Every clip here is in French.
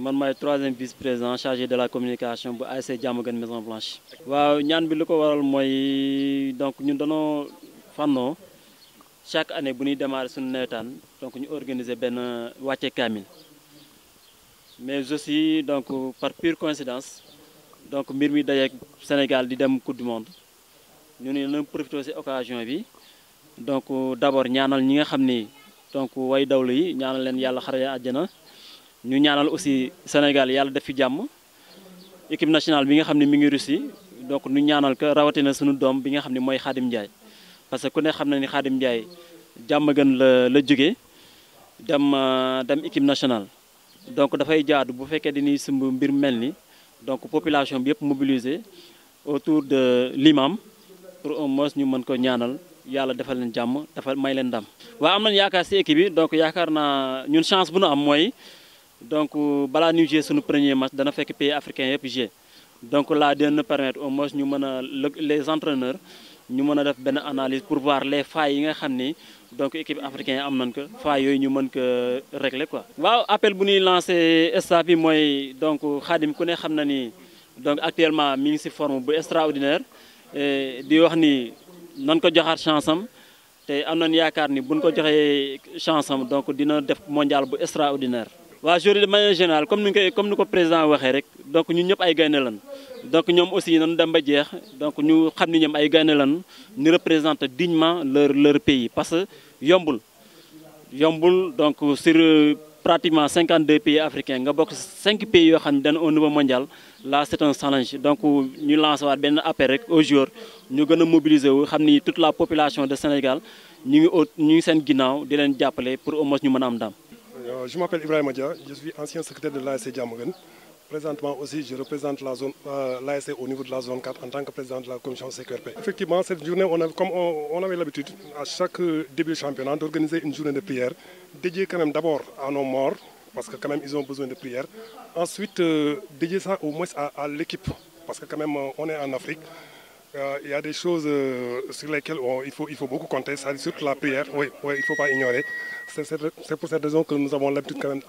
man maay troisième vice président chargé de la communication bu ASC Diamaguène Maison Blanche. waaw ñaan bi lu ko waral mooy donc ñun danoo fànnoo chaque année bu ñuy démarrer suñu nawetaan donc ñu organiser benn wàcce kaamil mais aussi donc par pure coïncidence donc mbir mi dajeeg Sénégal di dem coupe du monde ñu ne nañ profité ci occasion bi donc d'abord ñaanal ñi nga xam ni donc way dawlu yi ñaanal leen yàlla xarale àjjana. ñu ñaanal aussi Sénégal yalla def fi jamm équipe nationale bi nga xamni mi ngi russi donc ñu ñaanal ko na suñu dom bi nga xamni moy Khadim ndjay parce que ku ne xamna ni Khadim ndjay jamm gën la la jugé dem euh, dem équipe nationale. donc fay jaadu bu fekké dañuy sumb mbir melni donc population bi yépp mobiliser autour de l'imam pour au moins ñu mën ko ñaanal. yalla defal leen jamm defal may leen dam wa am nañu ci équipe bi donc yaakaar ñun chance bu nu am moy donc euh, bala ñuy jouer suñu premier match dans fekk pays africain yëpp jouer donc là dina permettre au moins ñu les entraîneurs ñu mën a def benn analyse pour voir les failles yi nga donc équipe africaine am nañ ko failles yooyu ñu mën ko régler quoi. waaw appel bu ñuy lancé staff moi. donc Khadim ku ne ni donc actuellement mi ngi ci forme bu extraordinaire di wax ni que ko joxaat chance am. te am nañu yaakaar ni buñ ko chance am donc dina def mondial bu extraordinaire wa jury de manière générale comme ni comme niko ko président waxee rek donc ñun ñëpp ay lan donc ñom aussi nañu dem ba jeex donc ñu xamni ñam ay lan ni représente dignement leur leur pays parce que yombul yombul donc sur euh, pratiquement 52 pays africains nga bokk 5 pays yo xamni au niveau mondial là c'est un challenge donc ñu lancer waat ben appel rek au jour ñu gëna mobiliser wu toute la population de Sénégal ñu ngi au ñu seen di leen jàppale pour au moins ñu mëna am dam euh, je m'appelle Ibrahim Adja. je suis ancien secrétaire de l'ASC Diamogun. Présentement aussi, je représente la zone euh, l'ASC au niveau de la zone 4 en tant que président de la commission CQRP. Effectivement, cette journée, on comme on, avait l'habitude, à chaque début de championnat, d'organiser une journée de prière dédiée quand même d'abord à nos morts, parce que quand même, ils ont besoin de prière. Ensuite, euh, dédiée ça au moins à, à l'équipe, parce que quand même, on est en Afrique. Euh, il y a des choses euh, sur lesquelles il, faut, il faut beaucoup compter, surtout la prière, il ne faut pas ignorer. C'est pour cette raison que nous avons l'habitude quand même,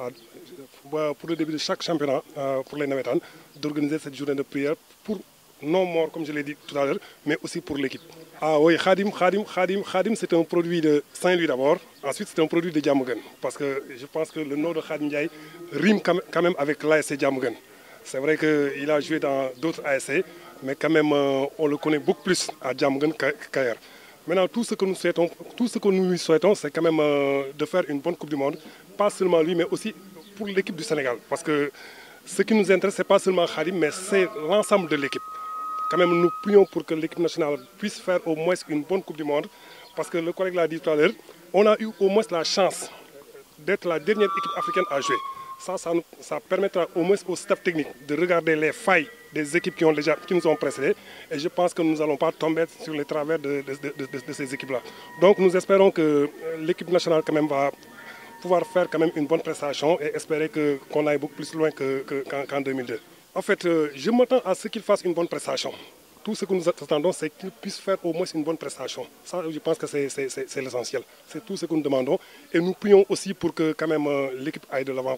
bah, pour le début de chaque championnat, euh, pour les Nametan, d'organiser cette journée de prière pour non morts, comme je l'ai dit tout à l'heure, mais aussi pour l'équipe. Ah oui, Khadim, Khadim, Khadim, Khadim, c'est un produit de Saint-Louis d'abord, ensuite c'est un produit de Diamogan, parce que je pense que le nom de Khadim Ndiaye rime quand même avec l'ASC Diamogan. C'est vrai qu'il a joué dans d'autres ASC, mais quand même, euh, on le connaît beaucoup plus à Djamgen qu'ailleurs. Maintenant, tout ce que nous souhaitons, tout ce que nous lui souhaitons, c'est quand même euh, de faire une bonne Coupe du Monde, pas seulement lui, mais aussi pour l'équipe du Sénégal. Parce que ce qui nous intéresse, ce n'est pas seulement Khalim, mais c'est l'ensemble de l'équipe. Quand même, nous prions pour que l'équipe nationale puisse faire au moins une bonne Coupe du Monde, parce que le collègue l'a dit tout à l'heure, on a eu au moins la chance d'être la dernière équipe africaine à jouer. Ça, ça permettra au moins au staff technique de regarder les failles des équipes qui, nous ont précédés. Et je pense que nous n'allons pas tomber sur les travers de, ces équipes-là. Donc nous espérons que euh, l'équipe nationale quand même va pouvoir faire quand même une bonne prestation et espérer qu'on aille beaucoup plus loin qu'en 2002. En fait, euh, je m'attends à ce qu'ils fassent une bonne prestation. Tout ce que nous attendons, c'est qu'ils puissent faire au moins une bonne prestation. Ça, je pense que c'est l'essentiel. C'est tout ce que nous demandons. Et nous prions aussi pour que quand même euh, l'équipe aille de l'avant.